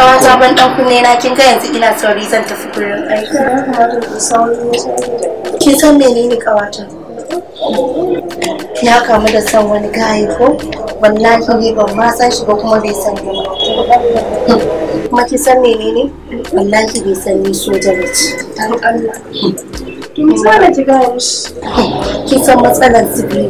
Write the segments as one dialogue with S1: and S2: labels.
S1: tsawon sabon dan kunne na kin ga yanzu ina sauri zan tafi gurin aiki kin san menene kawata ya kamu da san wani gaye ko wallahi ne ban ma san shi ba kuma bai san ba kuma kin san menene wallahi bai san ni soja ba ce dan Allah kin san ji ga shi matsalar sibiri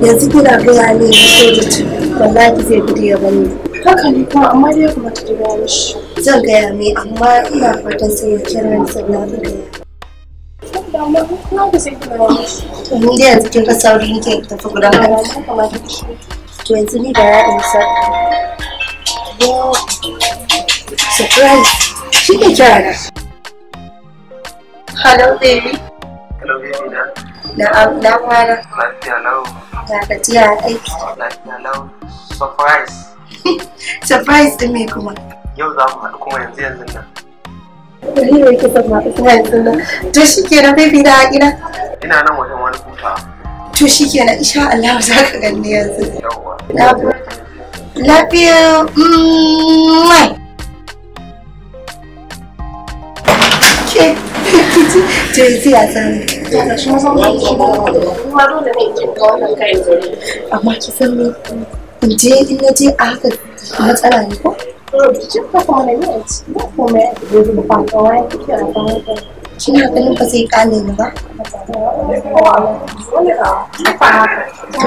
S1: yanzu kina ga ya ne soja ce wallahi zai gudu ya bani haka ne kuma amma dai kuma ta gaya mishi zan gaya mai amma ina fatan sai ya kira ni sannan zan gaya ni da yanzu kin ga sauri nake tafi gudan aiki to yanzu ni da ya isa surprise shi ke kira da hello baby baby
S2: na'am na kwana
S1: lafiya lau ya gajiya aiki lafiya lau surprise surprise din mai kuma yau za mu haɗu kuma yanzu yanzu nan Wani ne ke son masu suna yanzu nan to shi ke na fifi da gida ina nan wajen wani kuta to shi ke na isha Allah za ka ganni yanzu lafiya mai ke to yanzu ya sani amma ki san me in je in na je a haka matsala ne ko na ganin ba zai kale ni ba to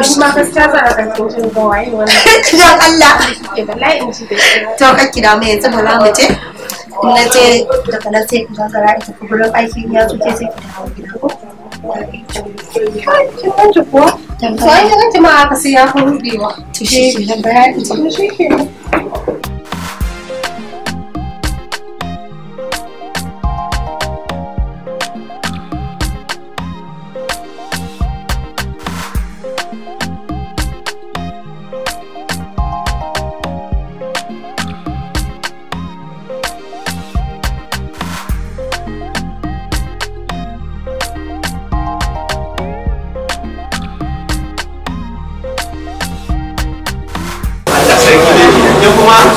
S1: shi ma gaskiya za a don Allah to da mai yanzu in na je daga sai ita gurin ya zuke sai ki dawo gida ko kin ganta kuwa? Sai kin ganta ma aka sai ya fi rubewa. To shi ke nan bayani.